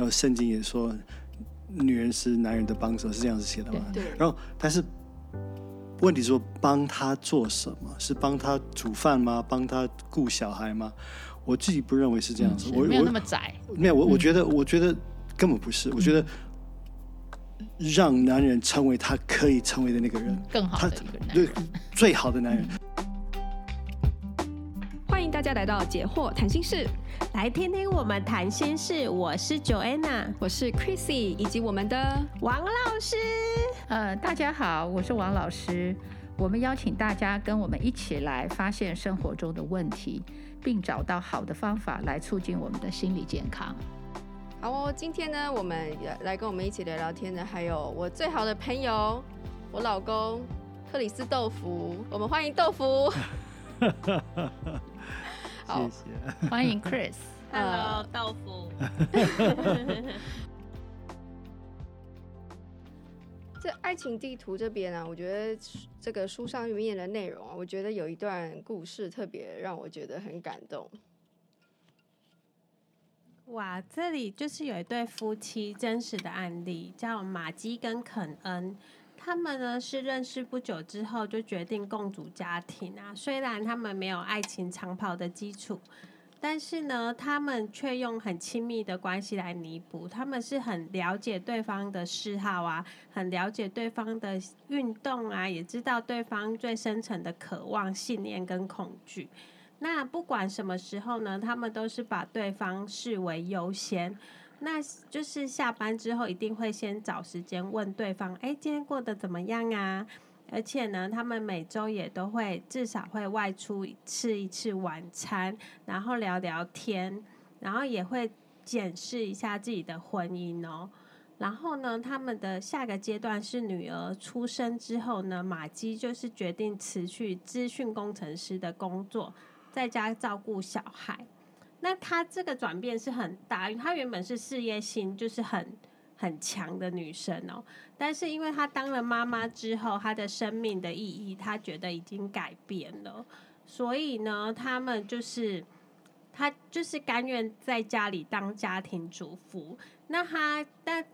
然後聖經也說，女人是男人的幫手，是這樣子寫的嘛？對。然後，但是問題是說，幫他做什麼？是幫他煮飯嗎？幫他顧小孩嗎？我自己不認為是這樣子。嗯、我沒有那麼窄。沒有，我、嗯、我覺得，我覺得根本不是。嗯、我覺得讓男人成為他可以成為的那個人，更好的對，他最好的男人。嗯歡迎來到解惑談心事，來聽聽我們談心事。我是 Joanna，我是 Chrissy，以及我們的王老師。呃，大家好，我是王老師。我們邀請大家跟我們一起來發現生活中的問題，並找到好的方法來促進我們的心理健康。好哦，今天呢，我們來跟我們一起聊聊天的，還有我最好的朋友，我老公克里斯豆腐。我們歡迎豆腐。 Oh, 謝謝，歡迎 Chris，Hello，道夫。這愛情地圖這邊啊，我覺得這個書上面的內容啊，我覺得有一段故事特別讓我覺得很感動。哇，這裡就是有一對夫妻真實的案例，叫瑪基跟肯恩。他們呢，是認識不久之後就決定共組家庭啊。雖然他們沒有愛情長跑的基礎，但是呢，他們卻用很親密的關係來彌補。他們是很了解對方的嗜好啊，很了解對方的運動啊，也知道對方最深層的渴望、信念跟恐懼。那不管什麼時候呢，他們都是把對方視為優先。那就是下班之後一定會先找時間問對方，哎，今天過得怎麼樣啊？而且呢，他們每週也都會至少會外出吃一,一次晚餐，然後聊聊天，然後也會檢視一下自己的婚姻哦。然後呢，他們的下個階段是女兒出生之後呢，馬基就是決定辭去資訊工程師的工作，在家照顧小孩。那她這個轉變是很大，她原本是事業心就是很很強的女生哦，但是因為她當了媽媽之後，她的生命的意義她覺得已經改變了，所以呢，他們就是她就是甘願在家裡當家庭主婦。那她但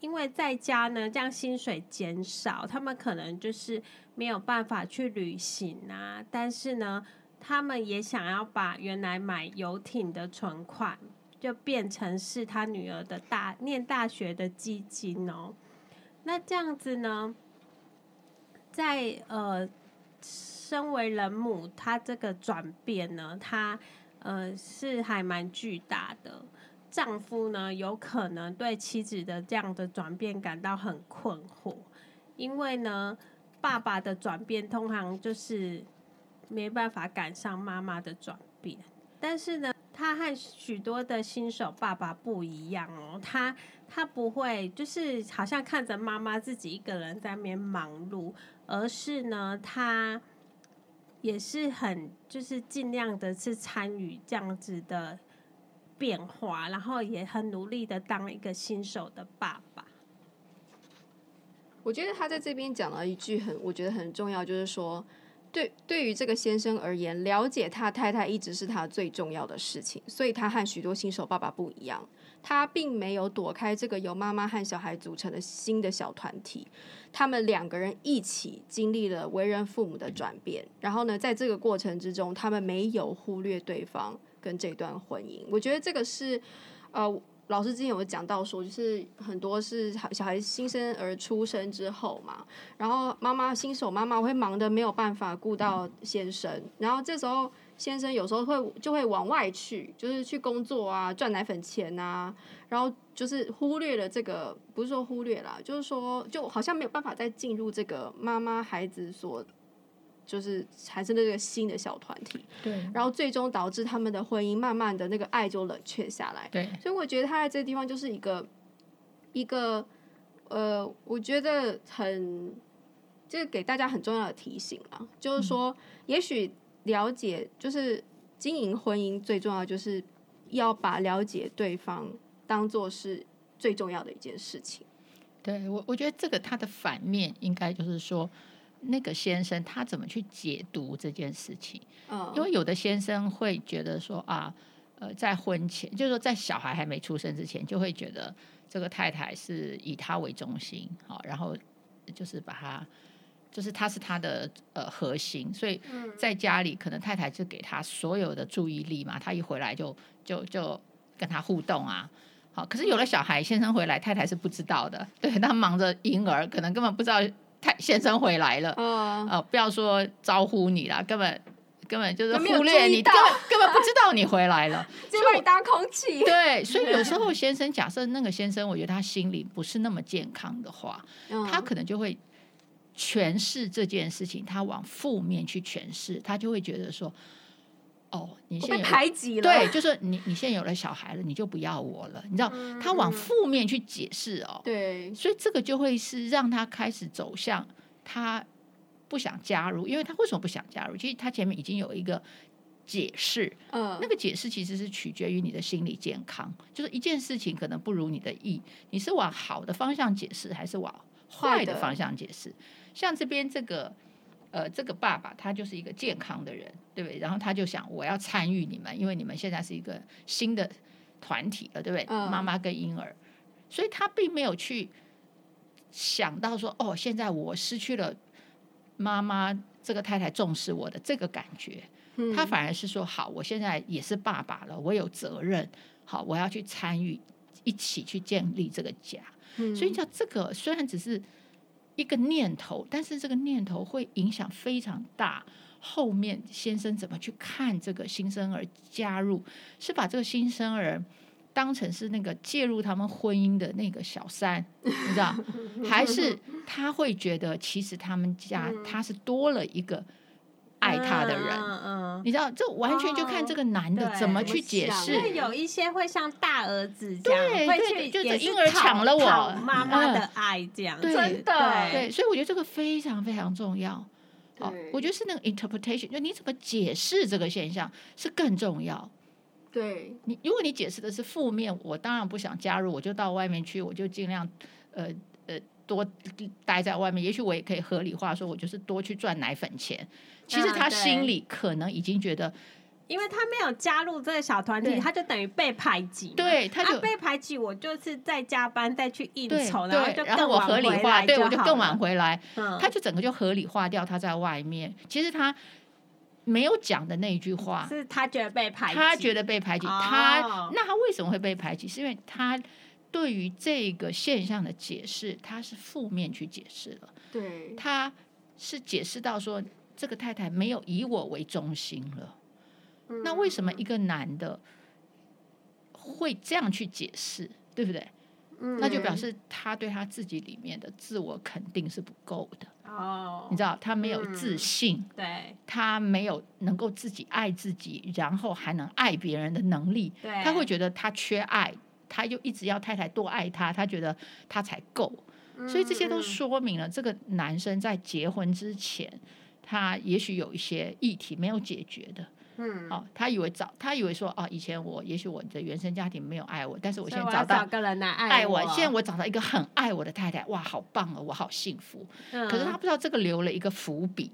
因為在家呢，這樣薪水減少，他們可能就是沒有辦法去旅行啊，但是呢。他們也想要把原來買遊艇的存款，就變成是他女兒的大念大學的基金哦。那這樣子呢，在呃，身為人母，她這個轉變呢，她呃是還蠻巨大的。丈夫呢，有可能對妻子的這樣的轉變感到很困惑，因為呢，爸爸的轉變通常就是。沒辦法趕上媽媽的轉變，但是呢，他和許多的新手爸爸不一樣哦，他他不會就是好像看着媽媽自己一個人在那邊忙碌，而是呢，他也是很就是盡量的是參與這樣子的變化，然後也很努力的當一個新手的爸爸。我覺得他在這邊講了一句很，我覺得很重要，就是說。對，對於這個先生而言，了解他太太一直是他最重要的事情，所以他和許多新手爸爸不一樣，他並沒有躲開這個由媽媽和小孩組成的新的小團體，他們兩個人一起經歷了為人父母的轉變，然後呢，在這個過程之中，他們沒有忽略對方跟這段婚姻，我覺得這個是，呃。老師之前有講到說，就是很多是小孩新生兒出生之後嘛，然後媽媽新手媽媽會忙得沒有辦法顧到先生，嗯、然後這時候先生有時候會就會往外去，就是去工作啊，賺奶粉錢啊，然後就是忽略了這個，不是說忽略啦，就是說就好像沒有辦法再進入這個媽媽孩子所。就是產生了這個新的小團體，對，然後最終導致他們的婚姻慢慢的那個愛就冷卻下來，對，所以我覺得他在這個地方就是一個一個呃，我覺得很就是給大家很重要的提醒啊，就是說，也許了解就是經營婚姻最重要，就是要把了解對方當做是最重要的一件事情。對我，我覺得這個它的反面應該就是說。那個先生他怎麼去解讀這件事情？Oh. 因為有的先生會覺得說啊，呃，在婚前，就是說在小孩還沒出生之前，就會覺得這個太太是以他為中心，好、哦，然後就是把他，就是他是他的呃核心，所以在家裡可能太太就給他所有的注意力嘛，他一回來就就就跟他互動啊，好、哦，可是有了小孩，先生回來，太太是不知道的，對，那他忙着嬰兒，可能根本不知道。太先生回來了，哦、啊呃，不要說招呼你啦，根本根本就是忽略你，根本根本不知道你回來了，就把你當空氣。對，對，所以有時候先生，假設那個先生，我覺得他心理不是那麼健康的話，嗯、他可能就會詮釋這件事情，他往負面去詮釋，他就會覺得說。哦，你現在被排擠了，對，就是你，你現在有了小孩了，你就不要我了，你知道？嗯，他往負面去解釋哦，對，所以這個就會是讓他開始走向他不想加入，因為他為什麼不想加入？其實他前面已經有一個解釋，嗯，那個解釋其實是取決於你的心理健康，就是一件事情可能不如你的意，你是往好的方向解釋還是往壞的方向解釋？的像這邊這個。呃，這個爸爸他就是一個健康的人，對不對？然後他就想，我要參與你們，因為你們現在是一個新的團體了，對不對？哦、媽媽跟嬰兒，所以他並沒有去想到說，哦，現在我失去了媽媽，這個太太重視我的這個感覺，嗯、他反而是說，好，我現在也是爸爸了，我有責任，好，我要去參與，一起去建立這個家。嗯、所以叫這個，雖然只是。一個念頭，但是這個念頭會影響非常大。後面先生怎麼去看這個新生兒加入？是把這個新生兒當成是那個介入他們婚姻的那個小三，你知道？還是他會覺得其實他們家他是多了一個。愛他的人，嗯嗯、你知道，這完全就看這個男的怎麼去解釋。因、嗯、有一些會像大兒子對、這樣，對會去就是嬰兒搶了我媽媽的愛這樣。嗯、對真的，對，對，所以我覺得這個非常非常重要。哦、對我覺得是那個 interpretation，就你怎麼解釋這個現象是更重要。對你，如果你解釋的是負面，我當然不想加入，我就到外面去，我就盡量呃。多待在外面，也許我也可以合理化，說我就是多去賺奶粉錢。其實他心裡可能已經覺得，嗯、因為他沒有加入這個小團體對他，他就等於、啊、被排擠。對他就被排擠，我就是在加班、再去應酬，對然後就更晚回來就對我就更晚回來。嗯、他就整個就合理化掉他在外面。其實他沒有講的那一句話，是他覺得被排擠。他覺得被排擠。哦、他那他為什麼會被排擠？是因為他。對於這個現象的解釋，他是負面去解釋了。對，他是解釋到說這個太太沒有以我為中心了。嗯，那為什麼一個男的會這樣去解釋，對不對？嗯，那就表示他對他自己裡面的自我肯定是不夠的。哦，你知道他沒有自信，嗯，對，他沒有能夠自己愛自己，然後還能愛別人的能力。對。他會覺得他缺愛。他就一直要太太多愛他，他覺得他才夠，所以這些都說明了這個男生在結婚之前，嗯、他也許有一些議題沒有解決的。嗯，哦，他以為找他以為說，哦，以前我也許我的原生家庭沒有愛我，但是我現在找到找個人來愛我，現在我找到一個很愛我的太太，哇，好棒哦，啊，我好幸福。可是他不知道這個留了一個伏筆。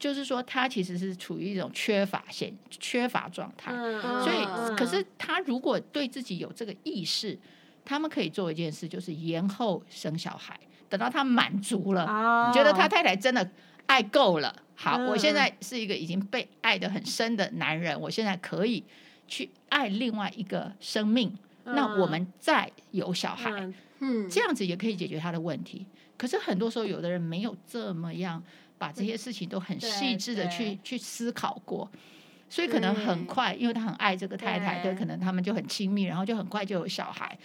就是說，他其實是處於一種缺乏、顯缺乏狀態，嗯、所以，嗯、可是他如果對自己有這個意識，他們可以做一件事，就是延後生小孩，等到他滿足了，哦、覺得他太太真的愛夠了。好，嗯、我現在是一個已經被愛得很深的男人，我現在可以去愛另外一個生命，嗯、那我們再有小孩，嗯嗯、這樣子也可以解決他的問題。可是很多時候，有的人沒有這麼樣。把這些事情都很細緻的去、嗯、去思考過，所以可能很快，對因為他很愛這個太太，對，對，可能他們就很親密，然後就很快就有小孩。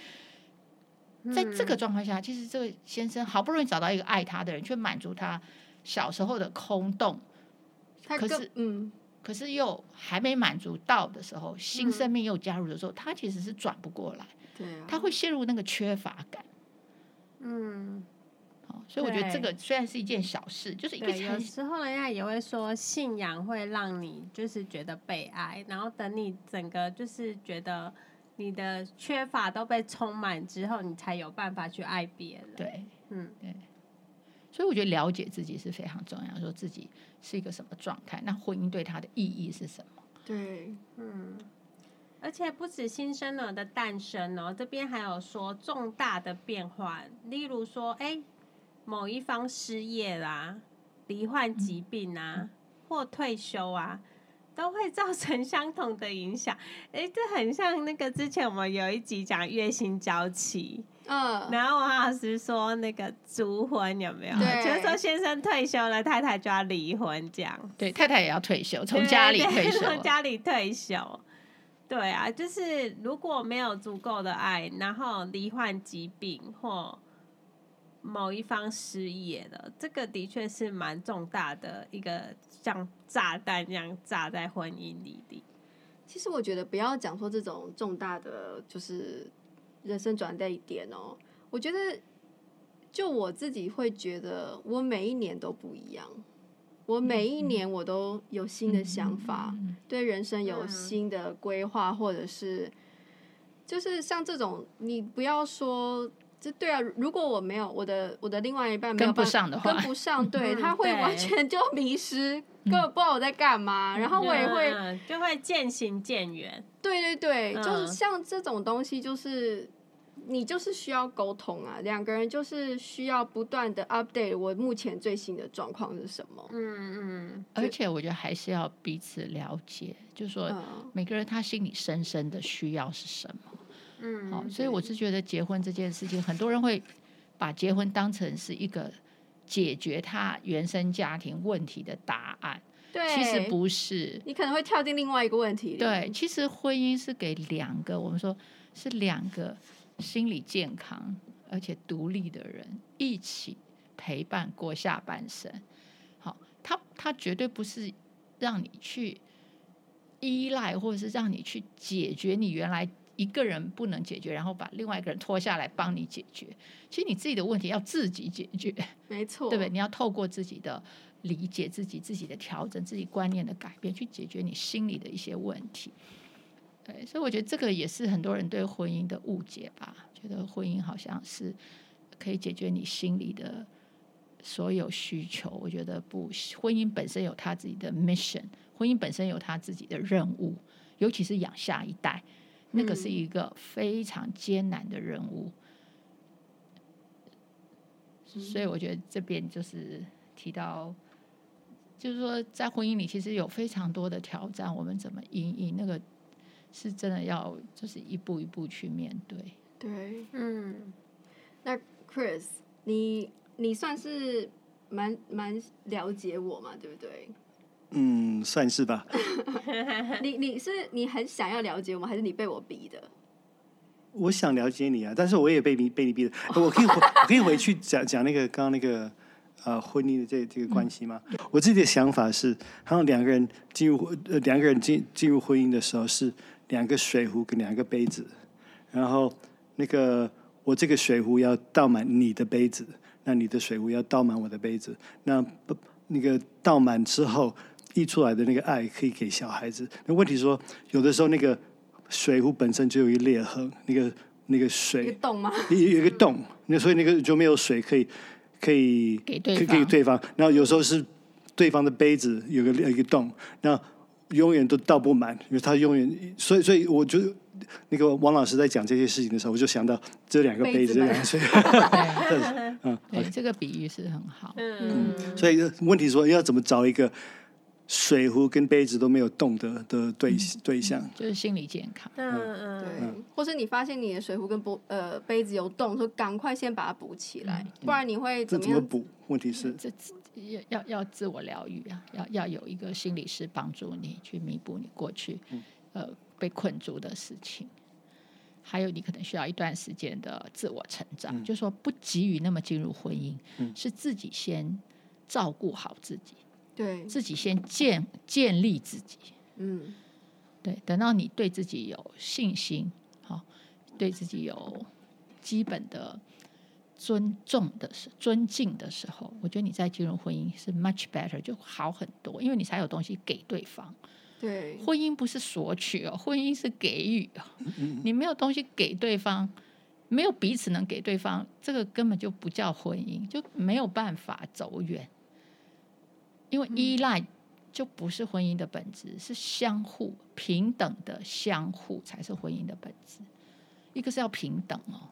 在這個狀況下，嗯、其實這個先生好不容易找到一個愛他的人，去滿足他小時候的空洞。跟可是，嗯、可是又還沒滿足到的時候，新生命又加入的時候，嗯、他其實是轉不過來。啊、他會陷入那個缺乏感。嗯。所以我覺得這個雖然是一件小事，就是一個有時候人家也會說，信仰會讓你就是覺得被愛，然後等你整個就是覺得你的缺乏都被充滿之後，你才有辦法去愛別人。對，嗯，對。所以我覺得了解自己是非常重要，說自己是一個什麼狀態，那婚姻對他的意義是什麼？對，嗯。而且不止新生兒的誕生然後，哦，這邊還有說重大的變化，例如說，哎，欸。某一方失業啦，罹患疾病啊，或退休啊，都會造成相同的影響。哎、欸，這很像那個之前我們有一集講月薪嬌妻，嗯，呃、然後王老師說那個“卒婚”有沒有？對就是說先生退休了，太太就要離婚這樣。對，太太也要退休，從家裡退休。從家裡退休。對啊，就是如果沒有足夠的愛，然後罹患疾病或。某一方失業了，這個的確是蠻重大的一個像炸彈一樣炸在婚姻裡的。其實我覺得不要講說這種重大的就是人生轉折點哦，我覺得就我自己會覺得我每一年都不一樣，我每一年我都有新的想法， 對人生有新的規劃，或者是就是像這種你不要說。對啊，如果我沒有我的我的另外一半沒有辦法的話，跟不上，跟不上，對，嗯、他會完全就迷失，嗯、根本不知道我在幹嘛，然後我也會、嗯、就會漸行漸遠。對對對，嗯、就是像這種東西，就是你就是需要溝通啊，兩個人就是需要不斷的 update，我目前最新的狀況是什麼？嗯嗯，嗯、就、而且我覺得還是要彼此了解，就是說每個人他心裡深深的需要是什麼。嗯，好，所以我是覺得結婚這件事情，很多人會把結婚當成是一個解決他原生家庭問題的答案。對，其實不是。你可能會跳進另外一個問題。對，其實婚姻是給兩個，我們說是兩個心理健康而且獨立的人一起陪伴過下半生。好，他他絕對不是讓你去依賴，或者是讓你去解決你原來。一個人不能解決，然後把另外一個人拖下來幫你解決。其實你自己的問題要自己解決，沒錯，對不對？你要透過自己的理解、自己自己的調整、自己觀念的改變，去解決你心裡的一些問題對。所以我覺得這個也是很多人對婚姻的誤解吧？覺得婚姻好像是可以解決你心裡的所有需求。我覺得不，婚姻本身有他自己的 mission，婚姻本身有他自己的任務，尤其是養下一代。那個是一個非常艱難的任務，嗯、所以我覺得這邊就是提到，就是說在婚姻裡其實有非常多的挑戰，我們怎麼因應？那個是真的要就是一步一步去面對。對，嗯，那 Chris，你你算是蠻蠻了解我嘛，對不對？嗯，算是吧。 你你是，是你很想要了解我嗎？還是你被我逼的？我想了解你啊，但是我也被你被你逼的。 我可以我，我可以回去講講那個剛剛那個呃婚姻的這個、這個關係嗎？嗯、我自己的想法是，好像兩個人進入呃兩個人進進入婚姻的時候是兩個水壺跟兩個杯子，然後那個我這個水壺要倒滿你的杯子，那你的水壺要倒滿我的杯子，那不那個倒滿之後。溢出來的那個愛可以給小孩子，那問題是說，有的時候那個水壺本身就有一裂痕，那個那個水有個洞嗎？有有個洞，那、嗯、所以那個就沒有水可以可以給給對、對方。然後有時候是對方的杯子有一個有一個洞，那永遠都倒不滿，因為他永遠所以所以，我就那個王老師在講這些事情的時候，我就想到這兩個杯子，兩個對，這個比喻是很好，嗯，嗯，所以問題是說要怎麼找一個。水壺跟杯子都沒有動的的對對象，嗯嗯，就是心理健康。嗯嗯，對。或是你發現你的水壺跟不，呃杯子有動，說趕快先把它補起來，嗯、不然你會怎麼樣？怎麼補？問題是、嗯、這要要要自我療癒啊，要要有一個心理師幫助你去彌補你過去呃被困住的事情，還有你可能需要一段時間的自我成長，嗯、就說不急於那麼進入婚姻，嗯、是自己先照顧好自己。對，自己先建建立自己，嗯，對，等到你對自己有信心，好，對自己有基本的尊重的、尊敬的時候，我覺得你再進入婚姻是 much better 就好很多，因為你才有東西給對方。對，婚姻不是索取哦，婚姻是給予哦，你沒有東西給對方，沒有彼此能給對方，這個根本就不叫婚姻，就沒有辦法走遠。因為依賴，就不是婚姻的本質，是相互平等的，相互才是婚姻的本質。一個是要平等哦。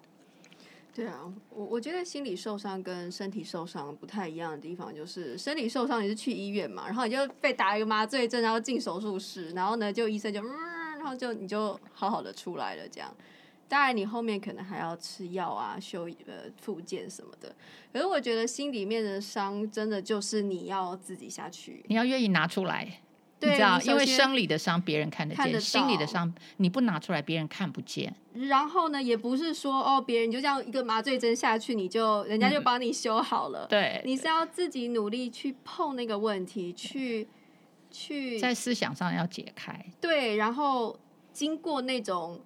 對啊，我我覺得心理受傷跟身體受傷不太一樣的地方，就是身體受傷也是去醫院嘛，然後你就被打一個麻醉針，然後進手術室，然後呢，就醫生就，嗯，然後就你就好好的出來了，這樣。當然，你後面可能還要吃藥啊、修呃、復健什麼的。可是我覺得心裡面的傷，真的就是你要自己下去，你要願意拿出來，對啊。你知道，因為生理的傷別人看得見，看得到。心理的傷你不拿出來別人看不見。然後呢，也不是說哦，別人就這樣一個麻醉針下去，你就人家就幫你修好了。嗯、對，你是要自己努力去碰那個問題，去去在思想上要解開。對，然後經過那種。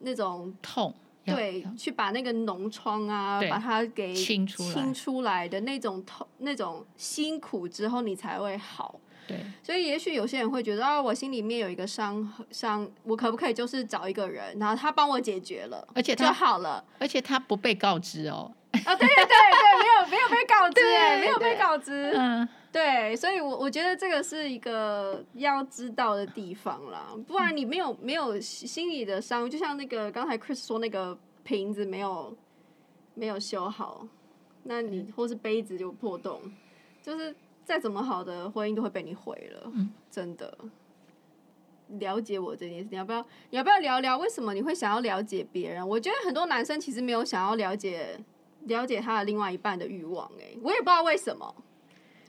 那種痛，對，去把那個膿瘡啊，對把它給清出，清出來的那種痛，那種辛苦之後，你才會好。對，所以也許有些人會覺得啊，我心裡面有一個傷傷，我可不可以就是找一個人，然後他幫我解決了，而且他就好了，而且他不被告知哦。啊、哦，對對對，沒有沒有被告知 對，沒有被告知，對嗯。對，所以我，我我覺得這個是一個要知道的地方啦，不然你沒有沒有心裡的傷，就像那個剛才 Chris 說那個瓶子沒有沒有修好，那你或是杯子就破洞，就是再怎麼好的婚姻都會被你毀了，真的。了解我這件事情，你要不要？你要不要聊聊為什麼你會想要了解別人？我覺得很多男生其實沒有想要了解了解他的另外一半的慾望、欸，哎，我也不知道為什麼。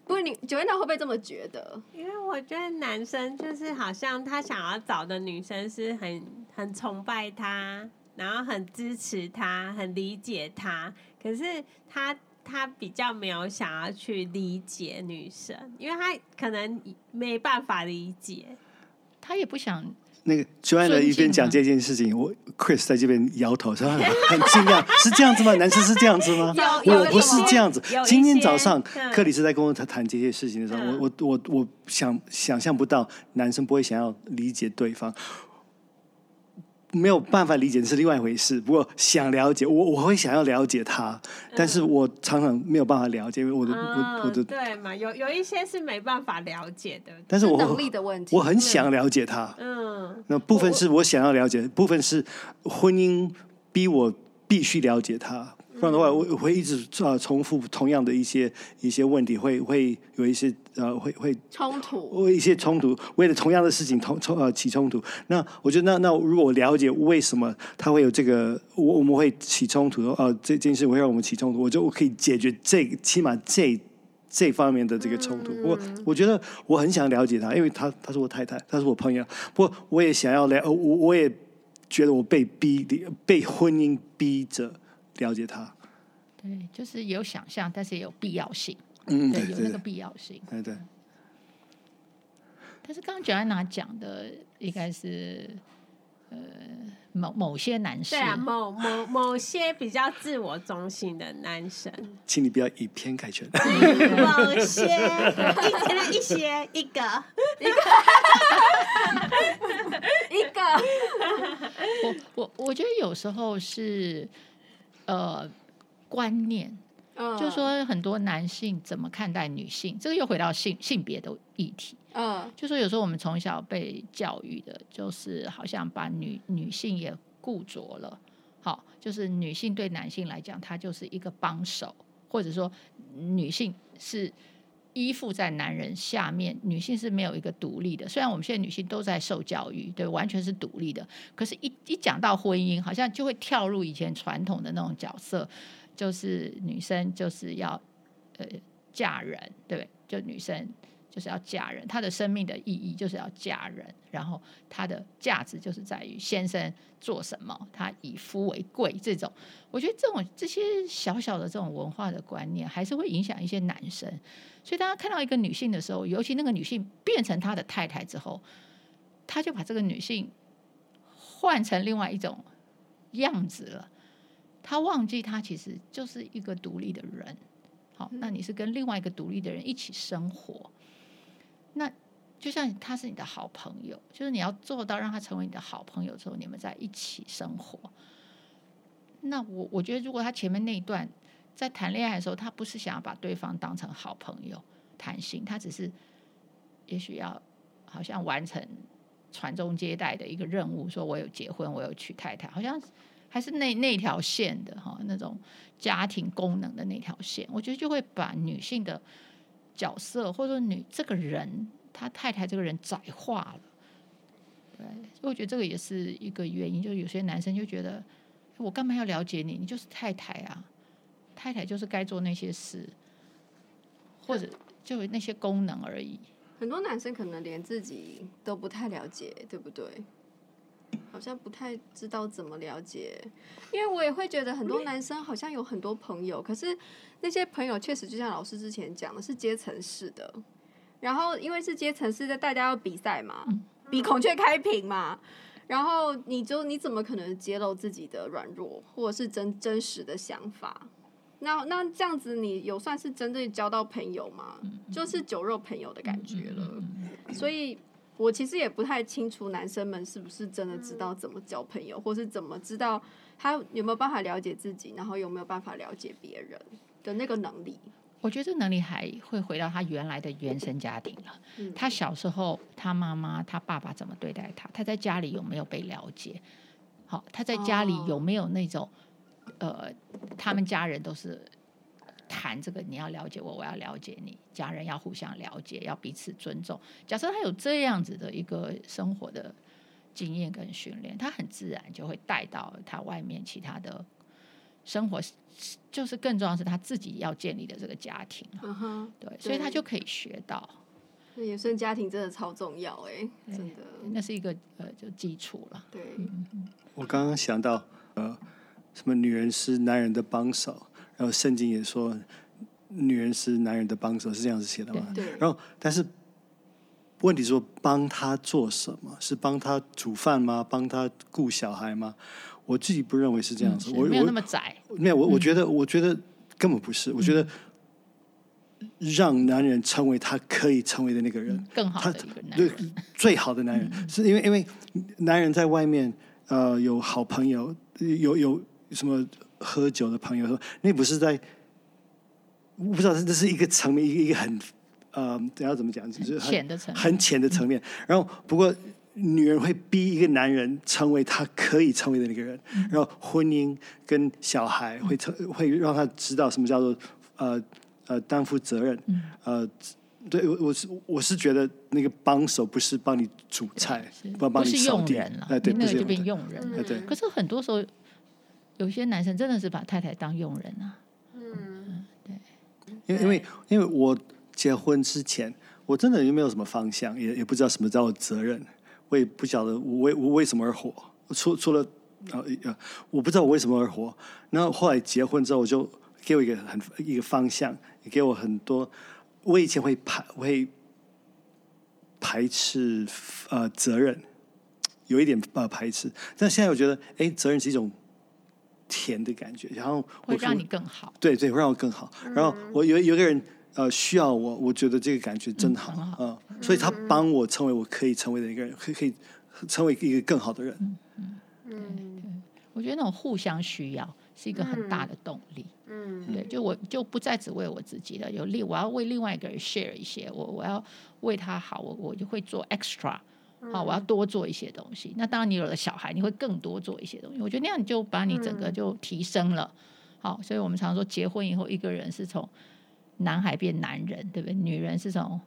不，你覺得他會不會這麼覺得？因為我覺得男生就是好像他想要找的女生是很很崇拜他，然後很支持他，很理解他。可是他他比較沒有想要去理解女生，因為他可能沒辦法理解，他也不想。那個 Joanna，一邊講這件事情，我 Chris 在這邊搖頭，說很驚訝， 是這樣子嗎？男生是這樣子嗎？ 有我不是這樣子。今天早上克里斯在跟我談這些事情的時候，嗯、我我我我想想象不到，男生不會想要理解對方。沒有辦法理解是另外一回事。不過想了解我，我會想要了解他，但是我常常沒有辦法了解，因為我的、嗯、我的對嘛，有有一些是沒辦法了解的。但是我能力的問題，我很想了解他。嗯，那部分是我想要了解，我部分是婚姻逼我必須了解他。不然的話，我我會一直啊、呃、重複同樣的一些一些問題，會會有一些呃會會衝突，會一些衝突，為了同樣的事情同衝呃起衝突。那我覺得那，那那如果我了解為什麼他會有這個，我我們會起衝突，呃這件事會讓我們起衝突，我就我可以解決這個、起碼這這方面的這個衝突。嗯、我我覺得我很想了解他，因為他他是我太太，他是我朋友。不過我也想要了，我我也覺得我被逼的，被婚姻逼着。了解他，對，就是有想象，但是也有必要性。嗯，對，對對有那個必要性。對對。對但是剛剛九安娜講的應該是，呃，某某些男生，對啊，某某某些比較自我中心的男生， 請你不要以偏概全。某些一,一些一些一個一個，我我我覺得有時候是。呃，觀念，oh. 就是說很多男性怎麼看待女性，這個又回到性性別的議題。嗯，oh. 就是說有時候我們從小被教育的，就是好像把女女性也顧着了。好，就是女性對男性來講，她就是一個幫手，或者說女性是。依附在男人下面，女性是沒有一個獨立的。雖然我們現在女性都在受教育，對，完全是獨立的，可是一，一講到婚姻，好像就會跳入以前傳統的那種角色，就是女生就是要，呃，嫁人，對，就女生。就是要嫁人，她的生命的意義就是要嫁人，然後她的價值就是在於先生做什麼，她以夫為貴。這種，我覺得這種這些小小的這種文化的觀念，還是會影響一些男生。所以，大家看到一個女性的時候，尤其那個女性變成他的太太之後，他就把這個女性換成另外一種樣子了。他忘記她其實就是一個獨立的人。好，那你是跟另外一個獨立的人一起生活。就像他是你的好朋友，就是你要做到讓他成為你的好朋友之後，你們在一起生活。那我我覺得，如果他前面那一段在談戀愛的時候，他不是想要把對方當成好朋友談心，他只是也許要好像完成傳宗接代的一個任務，說我有結婚，我有娶太太，好像還是那那條線的哈，那種家庭功能的那條線，我覺得就會把女性的角色或者說女這個人，他太太這個人窄化了，對，所以我覺得這個也是一個原因。就是有些男生就覺得，我幹嘛要了解你？你就是太太啊，太太就是該做那些事，或者就那些功能而已。很多男生可能連自己都不太了解，對不對？好像不太知道怎麼了解，因為我也會覺得很多男生好像有很多朋友，可是那些朋友確實就像老師之前講的，是階層式的。然後，因為是階層，是在大家，要比賽嘛，比孔雀開屏嘛，然後你就你怎麼可能揭露自己的軟弱，或者是真真實的想法？那那這樣子，你有算是真正交到朋友嗎？就是酒肉朋友的感覺了。所以，我其實也不太清楚男生們是不是真的知道怎麼交朋友，或是怎麼知道他有沒有辦法了解自己，然後有沒有辦法了解別人的那個能力。我覺得這能力還會回到他原來的原生家庭了。他小時候，他媽媽、他爸爸怎麼對待他？他在家裡有沒有被了解？好，他在家裡有沒有那種，呃，他們家人都是談這個，你要了解我，我要了解你，家人要互相了解，要彼此尊重。假設他有這樣子的一個生活的經驗跟訓練，他很自然就會帶到他外面其他的。生活就是更重要的是他自己要建立的這個家庭，uh-huh, 對，對所以他就可以學到。那原生家庭真的超重要哎、欸，真的，那是一個呃就基礎了。對，嗯嗯、我剛剛想到呃，什麼女人是男人的幫手，然後聖經也說女人是男人的幫手，是這樣子寫的嗎？對。然後，但是。問題是說，幫他做什麼？是幫他煮飯嗎？幫他顧小孩嗎？我自己不認為是這樣子。嗯、我沒有那麼窄。沒有，我我覺得，嗯、我覺得根本不是。我覺得讓男人成為他可以成為的那個人，嗯、更好的男人，最最好的男人，嗯、是因為因為男人在外面，呃，有好朋友，有有什麼喝酒的朋友，說那不是在，我不知道，這是一個層面一個，一個很。嗯，等一下怎麼講，就是很很淺的層面。然後，不過女人會逼一個男人成為他可以成為的那個人。然後，婚姻跟小孩會成會讓他知道什麼叫做呃呃擔負責任。呃，對我我是我是覺得那個幫手不是幫你煮菜，不是傭人了。哎，對，那個就變傭人。哎，對。可是很多時候，有些男生真的是把太太當傭人啊。嗯，對。因為因為因為我。結婚之前，我真的也沒有什麼方向，也也不知道什麼叫責任，我也不曉得我為我為什麼而活，除除了呃，我不知道我為什麼而活。然後後來結婚之後，我就給我一個很一個方向，也給我很多。我以前會排會排斥呃責任，有一點呃排斥，但現在我覺得哎，責任是一種甜的感覺。然後我會讓你更好，對對，會讓我更好。然後我有、嗯、有一個人。呃，需要我，我覺得這個感覺真好啊、嗯嗯！所以他幫我成為我可以成為的一個人，可以成為一個更好的人。嗯，嗯，對，對，我覺得那種互相需要是一個很大的動力。嗯，對，就我就不再只為我自己了。有另我要為另外一個人 share 一些，我我要為他好，我我就會做 extra，哦。我要多做一些東西。那當然，你有了小孩，你會更多做一些東西。我覺得那樣你就把你整個就提升了。好，哦，所以我們常說結婚以後，一個人是從。男孩變男人，對不對？女人是從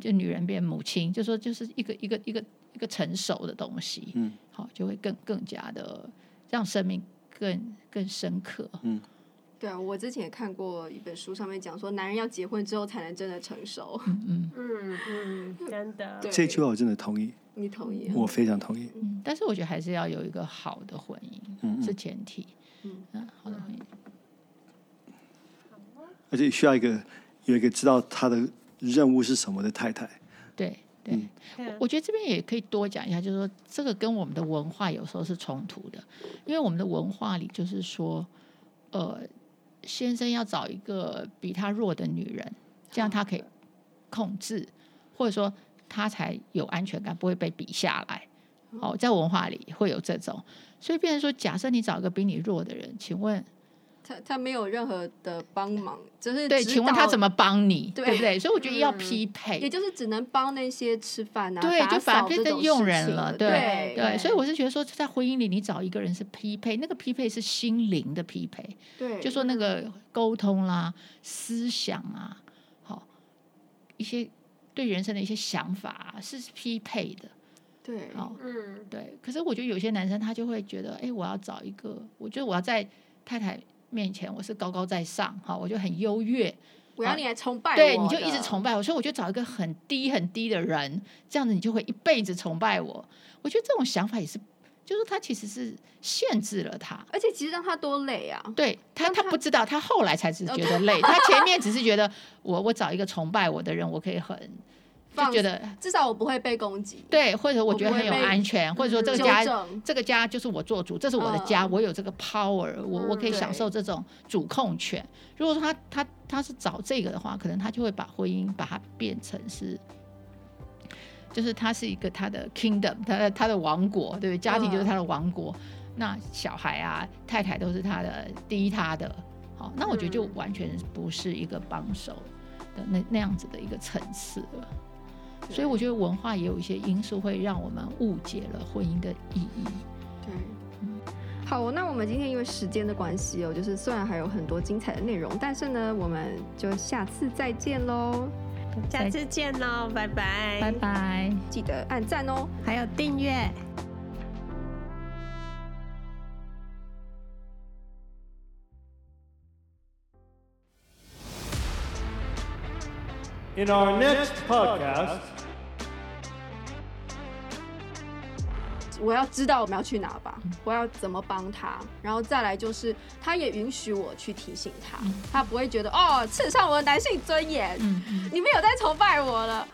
就女人變母親，就說就是一個一個一個一個成熟的東西。嗯，好，就會更更加的讓生命更更深刻。嗯，對啊，我之前也看過一本書，上面講說男人要結婚之後才能真的成熟。嗯嗯嗯，真的。對這句話我真的同意。你同意、啊？我非常同意、嗯。但是我覺得還是要有一個好的婚姻嗯嗯，是前提。嗯嗯，好的婚姻。而且需要一個有一個知道他的任務是什麼的太太。對對，嗯，我覺得這邊也可以多講一下，就是說這個跟我們的文化有時候是衝突的，因為我們的文化裡就是說，呃，先生要找一個比他弱的女人，這樣他可以控制，或者說他才有安全感，不會被比下來。哦，在文化裡會有這種，所以變成說，假設你找一個比你弱的人，請問？他他沒有任何的幫忙，只是對，請問他怎麼幫你，對不對？所以我覺得要匹配，也就是只能幫那些吃飯啊、打掃這種事情，就變成傭人了。對對，所以我是覺得說，在婚姻裡，你找一個人是匹配，那個匹配是心靈的匹配，對，就說那個溝通啦、思想啊，好一些對人生的一些想法是匹配的，對，嗯，對。可是我覺得有些男生他就會覺得，哎，我要找一個，我覺得我要在太太。面前我是高高在上，哈，我就很優越，我要你來崇拜、啊、對，你就一直崇拜我，所以我就找一個很低很低的人，這樣子你就會一輩子崇拜我。我覺得這種想法也是，就是他其實是限制了他，而且其實讓他多累啊。對他，他，他不知道，他後來才是覺得累， 他前面只是覺得我我找一個崇拜我的人，我可以很。就覺得至少我不會被攻擊，對，或者我覺得很有安全，或者說，這個家、嗯、這個家就是我做主，嗯、這是我的家，呃、我有這個 power，我、嗯、我可以享受這種主控權。嗯、如果說他他他是找這個的話，可能他就會把婚姻把它變成是，就是他是一個他的 kingdom，他的他的王國，對不對？家庭就是他的王國。嗯、那小孩啊，太太都是他的第一，他的好，那我覺得就完全不是一個幫手的那那樣子的一個層次了。對所以我覺得文化也有一些因素會讓我們誤解了婚姻的意義。對嗯，好，那我們今天因為時間的關係、哦，有就是雖然還有很多精彩的內容，但是呢，我們就下次再見嘍，下次見嘍，拜拜，拜拜、嗯，記得按讚哦，還有訂閱。In our next podcast. 我要知道我們要去哪吧，我要怎麼幫他，然後再來就是他也允許我去提醒他，他不會覺得哦，刺傷我的男性尊嚴，嗯嗯、你們有在崇拜我了。